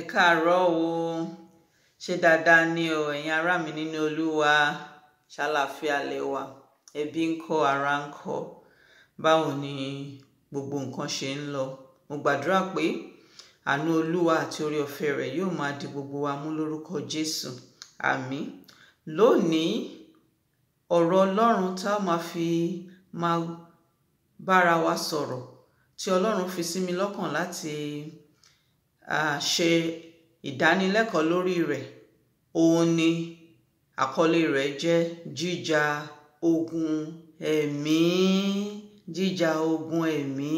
ẹ káàárọ̀ o ṣe dáadáa ni o ẹ̀yin ará mi nínú olúwa ṣàlàáfíà lẹ́wà ẹbí ń kọ́ ara ń kọ́ báwo ni gbogbo nǹkan ṣe ń lọ mo gbàdúrà pé àánú olúwa àti orí ọ̀fẹ́ rẹ̀ yóò máa di gbogbo wa mú lórúkọ jésù àmín lónìí ọ̀rọ̀ ọlọ́run tá a máa fi máa bára wa sọ̀rọ̀ tí ọlọ́run fi sí mi lọ́kàn láti ṣe ìdánilẹ́kọ̀ọ́ lórí rẹ̀ òun ni àkọlé rẹ̀ jẹ́ jíjà ogun ẹ̀mí jíjà ogun ẹ̀mí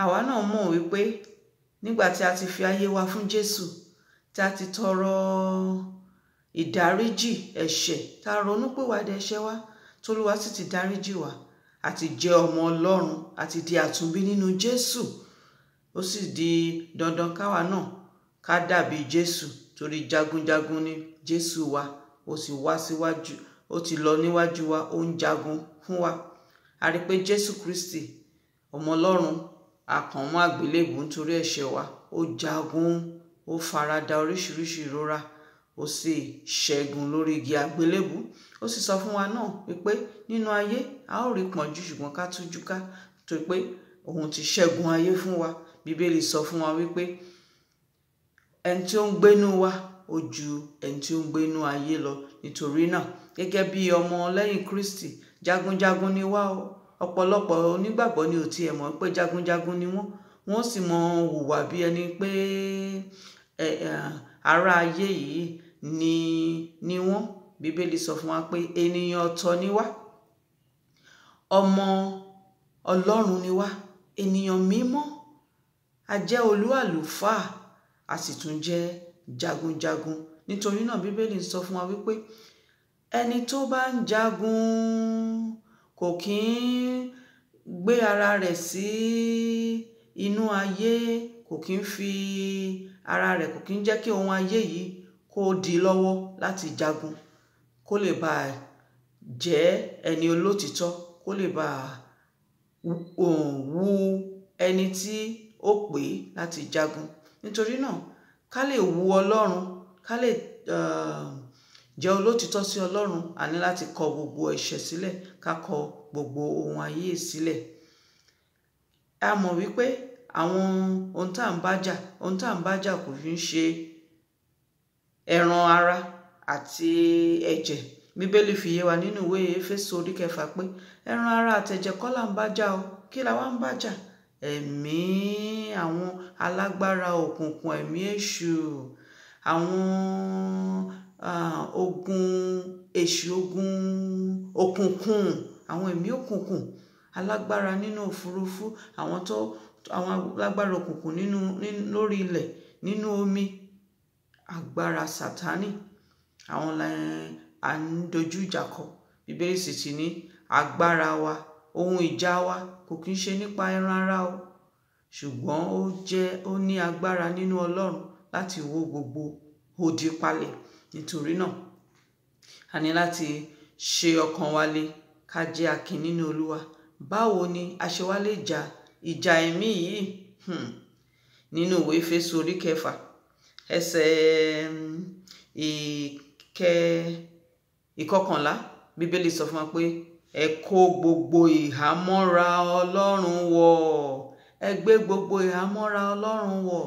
àwa náà mọ̀ wípé nígbà tí a ti fi ayé wa fún Jésù tí a ti tọrọ ìdáríjì ẹ̀ṣẹ̀ tá a ronú pìwàdà ẹ̀ṣẹ̀ wa tólúwa sì ti dáríjì wa àti jẹ́ ọmọ Ọlọ́run àti di àtúnbí nínú Jésù. No ó sì di dandan káwa náà ká dàbí jésù torí jagunjagun ni jésù wa ó sì wá síwájú ó ti lọ níwájú wa ó ń jagun fún wa a rí i pé jésù kristi ọmọ ọlọ́run akànmọ́ àgbélébù nítorí ẹ̀ṣẹ̀ wa ó jagun ó farada oríṣiríṣi ìrora ó sì ṣẹ́gun lórí igi àgbélébù ó sì sọ fún wa náà wípé nínú ayé a ó rí pọ́njú ṣùgbọ́n ká tújú ká tó pé òun ti ṣẹ́gun ayé fún wa bíbélì sọ fún wa wípé ẹni tí ó ń gbénú wa ó ju ẹni tí ó ń gbénú ayé lọ nítorí náà gẹ́gẹ́ bí ọmọ lẹ́yìn Kristi jagunjagun ni wá o ọ̀pọ̀lọpọ̀ onígbàgbọ́ ni ò tiẹ̀ mọ̀ pé jagunjagun ni wọ́n wọ́n sì mọ hùwà bí ẹni pé ará ayé yìí ni ni wọ́n bíbélì sọ fún wa pé ènìyàn ọ̀tọ̀ ni wá ọmọ ọlọ́run ni wá ènìyàn mímọ́ a jẹ́ olú àlùfáà a sì tún jẹ́ jagunjagun nítorí náà bíbélì ń sọ fún wa wípé ẹni tó bá ń jagun kò kí ń gbé ara rẹ̀ sí inú ayé kò kí ń fi ara rẹ̀ kò kí ń jẹ́ kí ohun ayé yìí kó di lọ́wọ́ láti jagun kó lè bá a jẹ́ ẹni olótìtọ́ kó lè bá a wù ẹni tí ó pè é láti jagun nítorí náà ká lè wu ọlọ́run ká lè ehm, jẹ́ olótìtọ́ sí ọlọ́run a ní láti kọ gbogbo ẹ̀ṣẹ̀ sílẹ̀ ká kọ gbogbo ohun ayé sílẹ̀ a mọ̀ wípé àwọn ohun tá à ń bá jà ohun tá à ń bá jà kò fi ń ṣe ẹran ara àti ẹ̀jẹ̀ bíbélì fi yé wa nínú ìwé Éfésù orí kẹfà pé ẹran ara àtẹ̀jẹ̀ kọ́ là ń bá jà o kí la wá ń bá jà ẹ̀mí àwọn alágbára òkùnkùn ẹ̀mí èṣù àwọn ogun èṣù ogun òkùnkùn àwọn ẹ̀mí òkùnkùn alágbára nínú òfurufú àwọn tó àwọn alágbára òkùnkùn nínú lórí ilẹ̀ nínú omi agbára sátánì àwọn là ń dojú ìjà kọ bíbélì sì ti ní agbára wa ohun ìjà wa kò kí ń ṣe nípa ẹran ara o ṣùgbọ́n ó jẹ́ ó ní agbára nínú Ọlọ́run láti wó gbogbo odi palẹ̀ nítorí náà a ní láti ṣe ọkàn wa le ká jẹ́ akin nínú Olúwa báwo ni a ṣe wá lè jà ìjà ẹ̀mí yìí hmm, nínú ìwé Éfésù orí kẹfà ẹsẹ̀ mm, ìkọkànlá Bíbélì sọ fún wa pé ẹ kó gbogbo ìhámọ́ra ọlọ́run wọ̀ ẹ gbé gbogbo ìhámọ́ra ọlọ́run wọ̀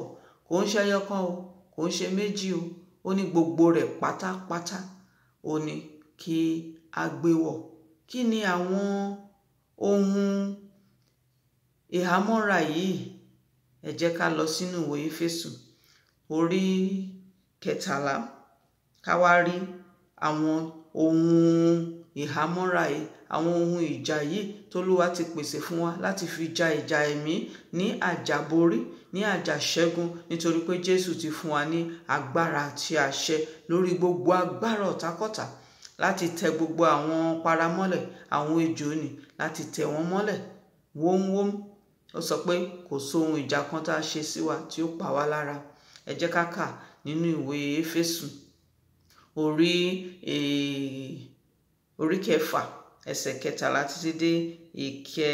kò ń ṣe ẹyọkan o kò ń ṣe méjì o ó ní gbogbo rẹ̀ pátápátá ó ní kí a gbé wọ̀ kí ni àwọn ohun ìhámọ́ra yìí ẹ jẹ́ ká lọ sínú ìwé Éfésù orí kẹtàlá ká wá rí àwọn ohun ìhámọ́ra àwọn ohun ìjà yìí tólúwa ti pèsè fún wa láti fi ja ìjà ẹ̀mí ní àjàborí ní àjàṣẹ́gun nítorí pé Jésù ti fún wa ní agbára àti àṣẹ lórí gbogbo agbára ọ̀tàkọ́tà láti tẹ gbogbo àwọn paramọ́lẹ̀ àwọn ejò ni láti tẹ wọ́n mọ́lẹ̀ wómwóm ó sọ pé kò sóhun ìjà kan tá a ṣe sí wa tí ó pa wá lára ẹ jẹ́ ká nínú ìwé Éfésù orí èè. Eh, orí kẹfà ẹsẹ̀ kẹtàlá títí dé ìkẹ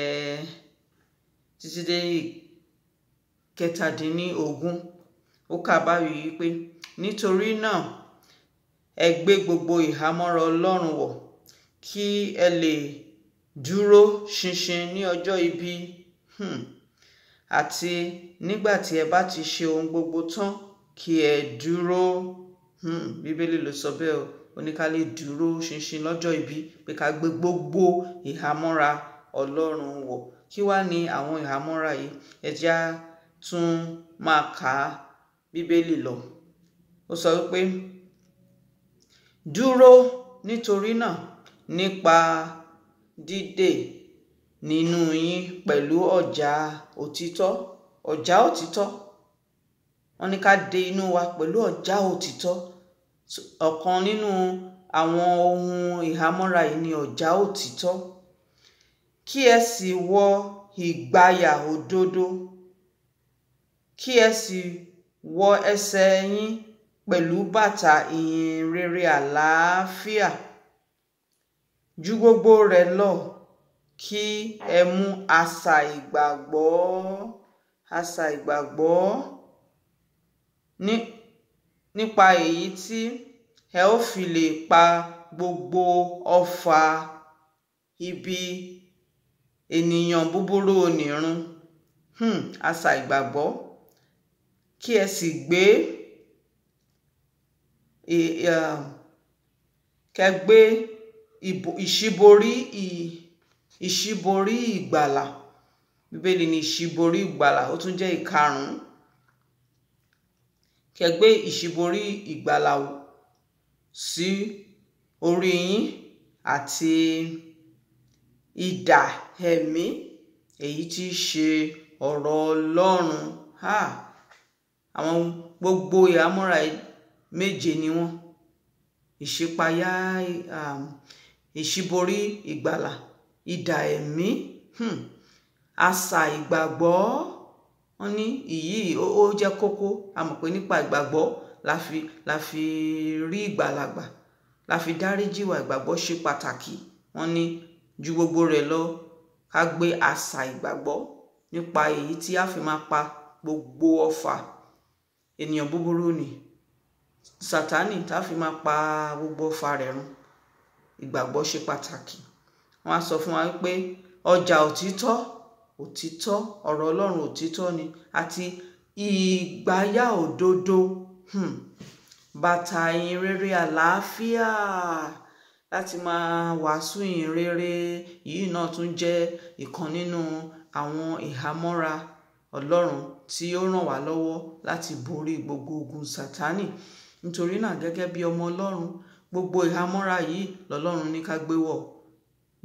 títí dé ìkẹtàdínníogún ó kà báyìí wípé nítorí náà ẹ gbé gbogbo ìhámọ́ra ọlọ́run wọ̀ kí ẹ lè dúró ṣinṣin ní ọjọ́ ibi hmm. àti nígbà tí ẹ bá ti ṣe ohun gbogbo tán kí ẹ dúró. Hmm, bíbélì ló sọ bẹ́ẹ̀ o ó ní ká lè dúró ṣinṣin lọ́jọ́ ibi pé ká gbé gbogbo ìhámọ́ra ọlọ́run wọ̀ kí wá ní àwọn ìhámọ́ra yìí ẹja tún máa kà á bíbélì lọ ó sọ wípé dúró nítorí náà nípa dídè nínú yín pẹ̀lú ọ̀já òtítọ́ ọ̀já òtítọ́ wọ́n ní ká de inú wa pẹ̀lú ọ̀já òtítọ́ ọ̀kan nínú àwọn ohun ìhámọ́ra yìí ni ọ̀já òtítọ́ kí ẹ sì wọ ìgbàyà òdodo kí ẹ sì wọ ẹsẹ̀ yín pẹ̀lú bàtà ìhìn rere àlàáfíà ju gbogbo rẹ̀ lọ kí ẹ mú asà ìgbàgbọ́ asà ìgbàgbọ́ ní nípa èyí tí ẹ ó fi lè pa gbogbo ọfà ibi ènìyàn búburú onírun um àṣà ìgbàgbọ́ kí ẹ sì gbé um e, e, kẹ́ gbé ìṣíborí ìṣíborí ìgbàlà bíbélì ni ìṣíborí ìgbàlà ó tún jẹ́ ìkarùn-ún kẹgbé ìṣíborí ìgbàlà sí orí yín àti idà ẹ̀mí èyí tí í ṣe ọ̀rọ̀ Ọlọ́run àwọn gbogbo ìhámọ́ra méje ni wọ́n ìṣípayá um, ìṣíborí ìgbàlà idà ẹ̀mí hmm, àṣà ìgbàgbọ́ wọ́n ní ìyí ó jẹ́ kókó a mọ̀ pé nípa ìgbàgbọ́ la fi la fi rí ìgbàlagbà la fi dáríjì wa ìgbàgbọ́ ṣe pàtàkì wọ́n ní ju gbogbo rẹ̀ lọ ká gbé àṣà ìgbàgbọ́ nípa èyí tí a fi máa pa gbogbo ọfà ènìyàn búburú ni sátánì tá a fi máa pa gbogbo ọfà rẹ̀ run ìgbàgbọ́ ṣe pàtàkì wọ́n á sọ fún wa pé ọjà òtítọ́ òtítọ́ ọ̀rọ̀ ọlọ́run òtítọ́ ni àti ìgbáyà òdodo hmm. bàtà ìyìn rere àlàáfíà láti máa wàásù ìyìn rere yìí náà tún jẹ́ ìkan nínú àwọn ìhámọ́ra ọlọ́run tí ó ràn wá lọ́wọ́ láti borí gbogbo ogun sátánì nítorí náà gẹ́gẹ́ bí ọmọ ọlọ́run gbogbo ìhámọ́ra yìí lọ́lọ́run ní ká gbé wọ̀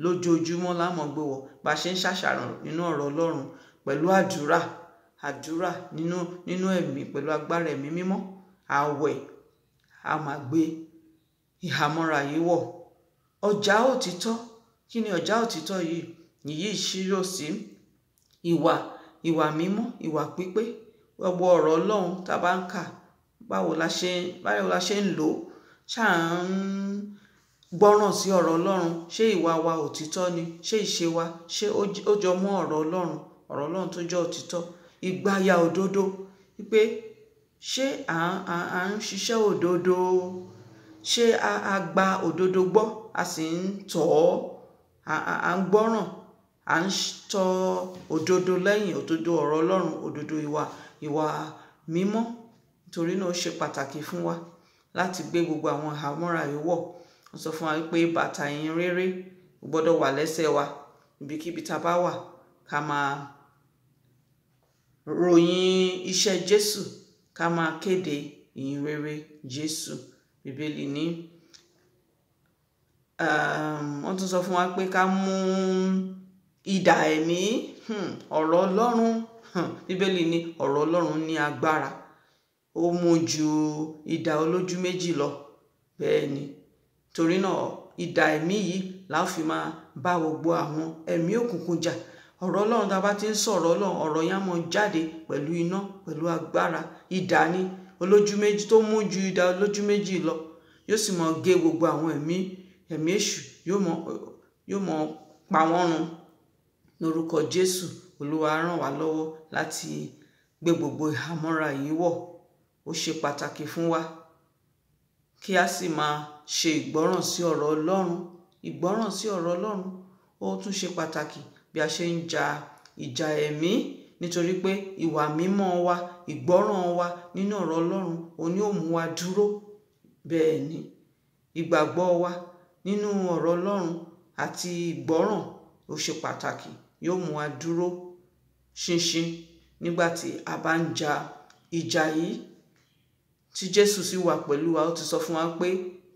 lójoojúmọ́ lámọ̀ gbé wọ̀ bá a ṣe ń ṣàṣàrò nínú ọ̀rọ̀ ọlọ́run pẹ̀lú àdúrà àdúrà nínú nínú ẹ̀mí pẹ̀lú agbára ẹ̀mí mímọ́ àwẹ̀ a máa gbé ìhàmọ́ra yìí wọ̀ ọjà òtítọ́ kí ni ọjà òtítọ́ yìí nìyí ìṣirò sí ìwà ìwà mímọ́ ìwà pípé gbogbo ọ̀rọ̀ ọlọ́run tá a bá ń kà báwo la ṣe báwo la ṣe ń lò ó ṣáà ń gbọ́ràn sí ọ̀rọ̀ ọlọ́run ṣé ìwà wa òtítọ́ ni ṣé ìṣe wa ṣé ó jọ mọ́ ọ̀rọ̀ ọlọ́run ọ̀rọ̀ ọlọ́run tó jẹ́ òtítọ́ ìgbáyà òdodo wípé ṣé à ń ṣiṣẹ́ òdodo ṣé a gba òdodo gbọ́ a sì ń tọ̀ ọ́ à ń gbọ́ràn à ń tọ òdodo lẹ́yìn òdodo ọ̀rọ̀ ọlọ́run òdodo ìwà ìwà mímọ́ nítorí náà ó ṣe pàtàkì fún wa láti gbé gbogbo àwọn àhámọ́ra yìí wọ̀ wọ́n sọ fún wa wípé bàtà ìyìn rere gbọ́dọ̀ wà lẹ́sẹ̀ wa ibikíbi tá a bá wà ká máa ròyìn iṣẹ́ Jésù ká máa kéde ìyìn rere Jésù bíbélì ní um, wọ́n tún sọ fún wa pé ká mú idà ẹ̀mí hmm, ọ̀rọ̀ Ọlọ́run hmm, bíbélì ní ọ̀rọ̀ Ọlọ́run ní agbára ó mú ju idà olójú méjì lọ bẹ́ẹ̀ ni torí náà ìdá ẹ̀mí yìí la fi máa bá gbogbo àwọn ẹ̀mí òkùnkùn jà ọ̀rọ̀ ọlọ́run tá a bá ti ń sọ̀rọ̀ ọlọ́run ọ̀rọ̀ yẹn á mọ jáde pẹ̀lú iná pẹ̀lú agbára ìdá ni olójú méjì tó mú ju ìdá olójú méjì lọ yóò sì mọ gé gbogbo àwọn ẹ̀mí ẹ̀mí èṣù yóò mọ pa wọ́n run lórúkọ jésù olúwa ràn wá lọ́wọ́ láti gbé gbogbo ìhámọ́ra yìí wọ̀ ó ṣe pàtàkì fún wa kí a sì máa ṣe ìgbọ́ràn sí ọ̀rọ̀ Ọlọ́run ìgbọ́ràn sí ọ̀rọ̀ Ọlọ́run ó tún ṣe pàtàkì bí a ṣe ń ja ìjà ẹ̀mí nítorí pé ìwà mímọ́ wa ìgbọ́ràn wa nínú ọ̀rọ̀ Ọlọ́run òní ó mú wa dúró bẹ́ẹ̀ ni ìgbàgbọ́ wa nínú ọ̀rọ̀ Ọlọ́run àti ìgbọ́ràn ó ṣe pàtàkì yóò mú wa dúró ṣinṣin nígbà tí a bá ń ja ìjà yìí tí jésù sì wà pẹ̀lú wa ó ti sọ fún wa pé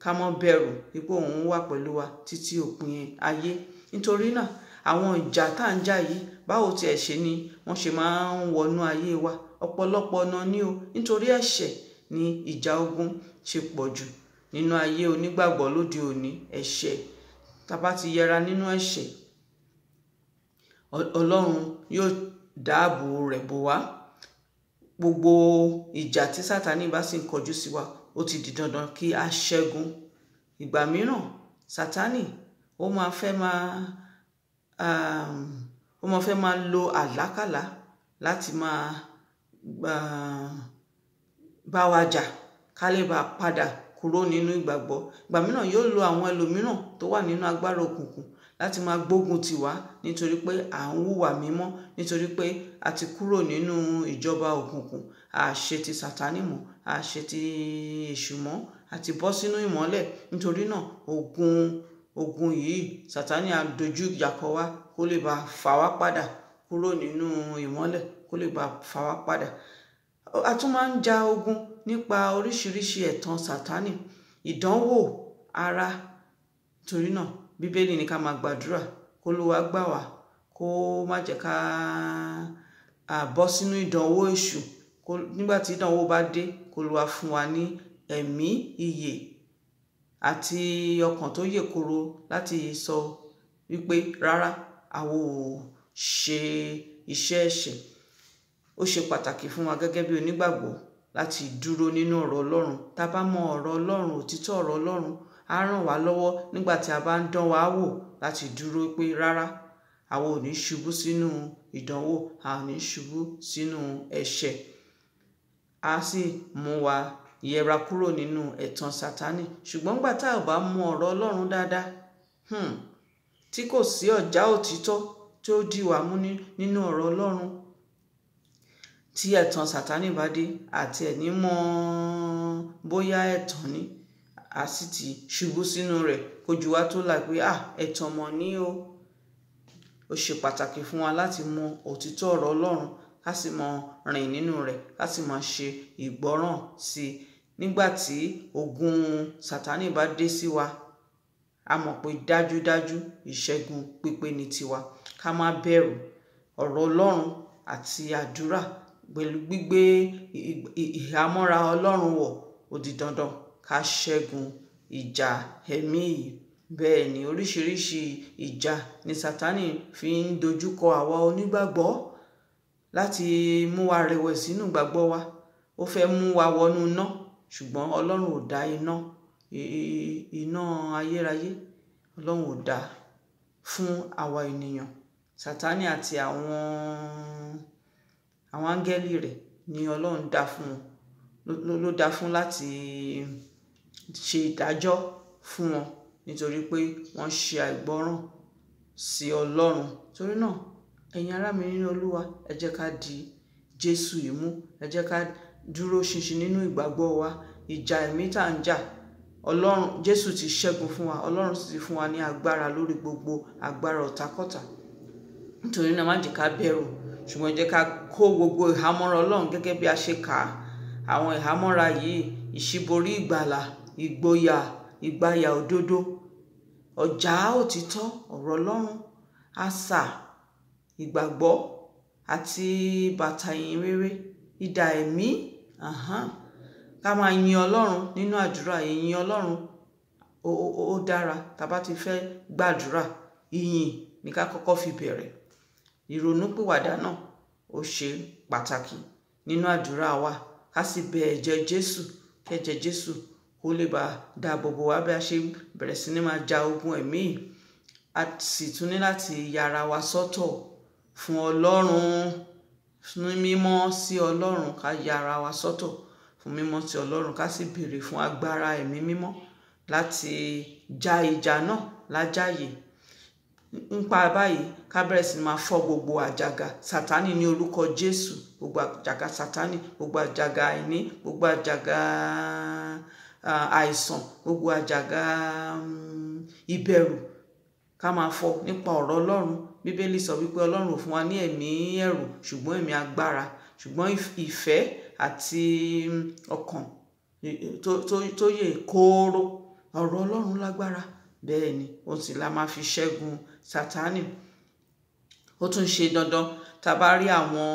ká má bẹ̀rù wípé òun wà pẹ̀lú wa títí òpin ayé nítorí náà àwọn ìjà tá à ń jà yìí báwo tiẹ̀ ṣe ni wọ́n ṣe máa ń wọnú ayé wa ọ̀pọ̀lọpọ̀ ọ̀nà ni o nítorí ẹ̀ṣẹ̀ ni ìjà ogun ṣe pọ̀ jù nínú ayé onígbàgbọ́ lóde òní ẹ̀ṣẹ̀ tá bá ti yẹra nínú ẹ̀ṣẹ̀ ọlọ́run yóò dáàbò rẹ̀ bò wá gbogbo ìjà tí sátani bá sì ń kọjú sí wa ó ti di dandan kí a ṣẹ́gun ìgbà mìíràn sátani ó máa fẹ́ máa ó máa fẹ́ máa lo àlákàlà láti máa bá wa jà ká lè bá padà kúrò nínú ìgbàgbọ́ ìgbà mìíràn yóò lo àwọn ẹlòmíràn tó wà nínú agbára òkùnkùn láti máa gbógun tì wá nítorí pé à ń hùwà mímọ́ nítorí pé a ti kúrò nínú ìjọba òkùnkùn a ṣe ti sàtánì mọ́ a ṣe ti èṣù mọ́ a ti bọ́ sínú ìmọ́lẹ̀ nítorí náà ogun ogun yìí sàtánì á dojú wá kó lè bá fà wá padà kúrò nínú ìmọ́lẹ̀ kó lè bá fà wá padà a tún máa ń ja ogun nípa oríṣiríṣi ẹ̀tàn sàtánì ìdánwò ara torí náà bíbélì ni ká máa gbàdúrà kó lúwa gbà wá kó má jẹ́ ká bọ́ sínú ìdánwò èṣù nígbà tí ìdánwò bá dé kó lúwa fún wa ní ẹ̀mí ìyè àti ọkàn tó yè koro láti sọ wípé rárá àwọn ò ṣe iṣẹ́ ẹ̀ṣẹ̀ ó ṣe pàtàkì fún wa gẹ́gẹ́ bí onígbàgbọ́ láti dúró nínú ọ̀rọ̀ ọlọ́run tá a bá mọ ọ̀rọ̀ ọlọ́run òtítọ́ ọ̀rọ̀ ọlọ́run á ràn wá lọ́wọ́ nígbà tí a bá ń dán wa wò láti dúró pé rárá àwa ò ní ṣubú sínú ìdánwò a ò ní ṣubú sínú ẹ̀ṣẹ̀ a sì mú wa yẹra kúrò nínú ẹ̀tàn sátánì ṣùgbọ́n nígbà tá a bá mú ọ̀rọ̀ ọlọ́run dáadáa hmm, tí kò sí ọ̀já òtítọ́ tí ó dì wá mú nínú ọ̀rọ̀ ọlọ́run tí ẹ̀tàn sátánì bá dé àti ẹ̀ ní mọ́ bóyá ẹ̀tàn ni a sì ti ṣubú sínú rẹ̀ kójú wa tó là pé ah ẹ̀tàn mọ̀ ní o ó ṣe pàtàkì fún wa láti mọ òtítọ́ ọ̀rọ̀ Ọlọ́run ká sì mọ rìn nínú rẹ̀ ká sì mọ ṣe ìgbọ́ràn sí i nígbà tí ogun Sátánì bá dé sí wa a mọ̀ pé dájúdájú ìṣẹ́gun pípé ni tiwa ká má bẹ̀rù ọ̀rọ̀ Ọlọ́run àti àdúrà pẹ̀lú gbígbé ìhámọ́ra Ọlọ́run wọ̀ ó dandan ká ṣẹ́gun ìjà ẹ̀mí yìí bẹ́ẹ̀ ni oríṣiríṣi ìjà ni sátani fi ń dojúkọ àwa onígbàgbọ́ láti mú wa rẹ̀wẹ̀sì nínú ìgbàgbọ́ wa ó fẹ́ mú wa wọnú iná ṣùgbọ́n ọlọ́run ò dá iná iná ayérayé ọlọ́run ò dá fún àwa ènìyàn sátani àti àwọn àwọn áńgẹ́lì rẹ̀ ni ọlọ́run dá fún wọn ló dá fún láti ṣe ìdájọ́ fún wọn nítorí pé wọ́n ṣe àìgbọ́ràn sí Ọlọ́run torí náà ẹ̀yin ará mi nínú Olúwa ẹ jẹ́ ká di Jésù yìí mú ẹ jẹ́ ká dúró ṣinṣin nínú ìgbàgbọ́ wa ìjà ẹ̀mí tá ń jà Ọlọ́run Jésù ti ṣẹ́gun fún wa Ọlọ́run sì ti fún wa ní agbára lórí gbogbo agbára ọ̀tàkọ́tà nítorí náà má jẹ́ ká bẹ̀rù ṣùgbọ́n jẹ́ ká kó gbogbo ìhámọ́ra Ọlọ́run gẹ́gẹ́ bí a ṣe kà á àwọn ìhámọ́ra yìí ìṣíborí ìgbàlà ìgboyà ìgbayà òdodo ọ̀já òtítọ́ ọ̀rọ̀ ọlọ́run àṣà ìgbàgbọ́ àti bàtà ìyìn rere idà ẹ̀mí ká máa yin ọlọ́run nínú àdúrà ìyìn ọlọ́run ó dára tá a bá ti fẹ́ gbàdúrà ìyìn ní ká kọ́kọ́ fi bẹ̀rẹ̀ ìrònúpìwàdà náà ó ṣe pàtàkì nínú àdúrà wa ká sì bẹ ẹ̀jẹ̀ jésù kẹ́jẹ̀ jésù kó lè bá dáàbò bò wá bí a ṣe bẹ̀rẹ̀ sí ní máa ja ogun ẹ̀mí a sì tún ní láti yára wa sọ́tọ̀ fún ọlọ́run ní mímọ́ sí ọlọ́run ká yára wa sọ́tọ̀ fún mímọ́ sí ọlọ́run ká sì béèrè fún agbára ẹ̀mí mímọ́ láti ja ìjà náà lájàyè nípa báyìí ká sí máa fọ́ gbogbo àjàgà sátánì ní orúkọ jésù gbogbo àjàgà sátánì gbogbo àjàgà àìní gbogbo àjàgà àìsàn gbogbo àjàgà um, ìbẹ̀rù ká máa fọ nípa ọ̀rọ̀ ọlọ́run bíbélì sọ wípé ọlọ́run ò fún wa ní ẹ̀mí ẹ̀rù ṣùgbọ́n ẹ̀mí agbára ṣùgbọ́n ìfẹ́ àti um, ọkàn tó yè kóró ọ̀rọ̀ ọlọ́run lágbára bẹ́ẹ̀ ni òun sì la máa fi ṣẹ́gun sátánì ó tún ṣe dandan tá a bá rí àwọn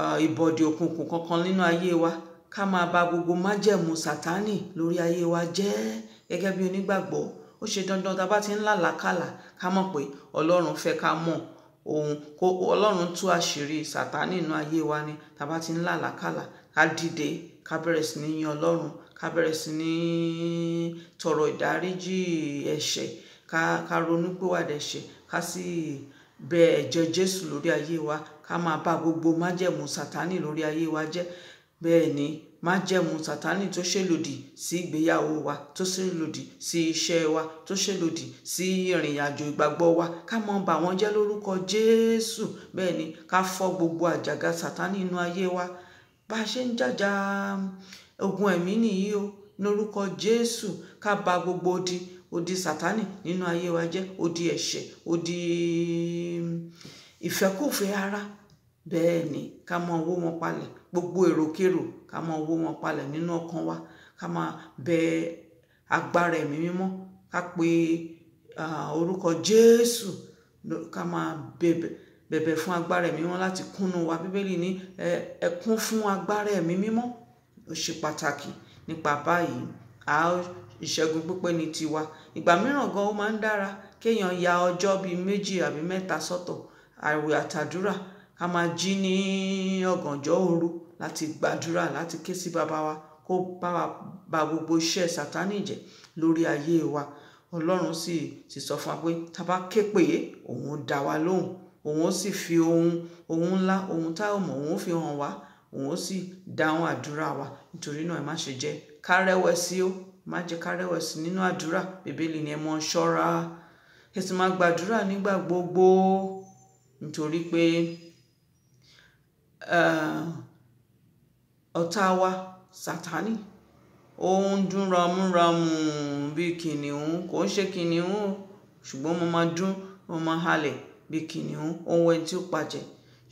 um, ìbọ̀dì òkùnkùn kankan nínú ayé wa ká máa ba gbogbo májẹ̀mú sátánì lórí ayé wa jẹ́ gẹ́gẹ́ bí onígbàgbọ́ ó ṣe dandan tá a bá ti ń làlákàlà ká mọ̀ pé ọlọ́run fẹ́ ká mọ̀ òun kó ọlọ́run tú àṣírí sátánì inú ayé wa ni tá a bá ti ń làlákàlà ká dìde ká bẹ̀rẹ̀ sí ní yin ọlọ́run ká bẹ̀rẹ̀ sí ní tọrọ ìdáríjì ẹ̀ṣẹ̀ ká ronú pìwàdà ẹ̀ṣẹ̀ ká sì bẹ ẹ̀jẹ̀ jésù lórí ayé wa ká máa bá gbogbo májẹ̀mú sátánì lórí ayé wa jẹ́ Bẹ́ẹ̀ ni, májẹ̀mú Sátánì tó ṣèlòdì sí ìgbéyàwó wa, tó ṣèlòdì sí iṣẹ́ wa, tó ṣèlòdì sí ìrìnàjò ìgbàgbọ́ wa, ká mọ́ bà wọ́n jẹ́ lórúkọ Jésù. Bẹ́ẹ̀ ni, ká fọ́ gbogbo àjàgà Sátánì inú ayé wa. Bá ṣe ń jàjà mm, ogun ẹ̀mí nìyí o, lórúkọ Jésù, ká ba gbogbo odi, odi Sátánì nínú ayé wa jẹ́, odi ẹ̀ṣẹ̀, odi mm, ìfẹ́kùfẹ́ ara bẹ́ẹ̀ ni ká mọ owó wọn palẹ̀ gbogbo èròkérò ká mọ owó wọn palẹ̀ nínú ọkàn wa ká máa bẹ agbára ẹ̀mí mímọ́ ká pe orúkọ jésù ká máa bẹ̀bẹ̀ bẹ̀bẹ̀ fún agbára ẹ̀mí mímọ́ láti kúnnú wa bíbélì ní ẹ kún fún agbára ẹ̀mí mímọ́ ó ṣe pàtàkì nípa báyìí a ìṣẹ́gun pípẹ́ ní tiwa ìgbà mìíràn gan ó máa ń dára kéèyàn ya ọjọ́ bíi méjì àbí mẹ́ta sọ́tọ̀ àwẹ̀ àtàdúrà a máa jí ní ọ̀gànjọ́ òru láti gbàdúrà láti ké sí bàbá wa kó bá wa ba gbogbo iṣẹ́ sátánì jẹ́ lórí ayé wa ọlọ́run sì sì sọ fún wa pé tá bá ké pè é òun dá wa lóhùn òun sì fi ohun ohun ńlá ohun tá ò mọ̀ òun fi hàn wá òun sì dáhùn àdúrà wa nítorí náà ẹ má ṣe jẹ́ ká rẹ̀wẹ̀sì ó má jẹ́ ká rẹ̀wẹ̀sì nínú àdúrà bíbélì ni ẹ mọ ṣọ́ra ẹ sì máa gbàdúrà nígbà gbogbo nítorí pé ọ̀tá eh, wa sátánì ó ń dún ramúramù bí kìnìún kò ń ṣe kìnìún o ṣùgbọ́n mo máa dún mo máa halẹ̀ bí kìnìún ohun ẹni tí ó pàjẹ́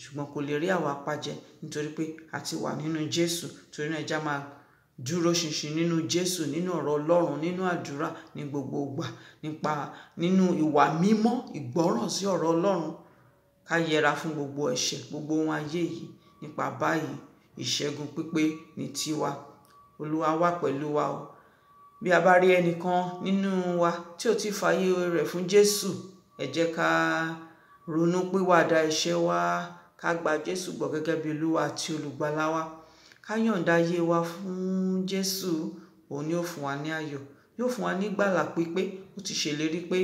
ṣùgbọ́n kò lè rí àwa pàjẹ́ nítorí pé a ti wà nínú jésù torí náà ẹja máa dúró ṣinṣin nínú jésù nínú ọ̀rọ̀ ọlọ́run nínú àdúrà ní gbogbo ìgbà nípa nínú ìwà mímọ́ ìgbọ́ràn sí ọ̀rọ̀ ọlọ́run ká yẹra fún gbogbo ẹ̀ṣẹ̀ gbogbo ohun ayé yìí nípa báyìí ìṣẹ́gun pípé ní tiwa olúwa wà pẹ̀lú wa o bí a bá rí ẹnìkan nínú wa tí ò ti fààyè rẹ̀ fún jésù ẹ jẹ́ ká ronú pìwàdà ẹ̀ṣẹ̀ wa ká gba jésù gbọ́ gẹ́gẹ́ bí olúwa àti olùgbàlà wa ká yọ̀ǹda ayé wa fún jésù òun ni ó fún wa ní ayọ̀ yóò fún wa ní gbàlà pípé ó ti ṣèlérí pé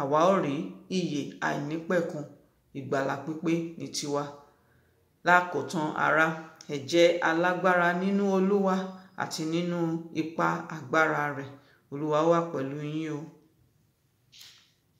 àwa ó rí ìyè àìnípẹ̀kun ìgbàlà pípé ní tiwa lákòótán ara ẹ jẹ́ alágbára nínú olúwa àti nínú ipá agbára rẹ̀ olúwa wà pẹ̀lú yín o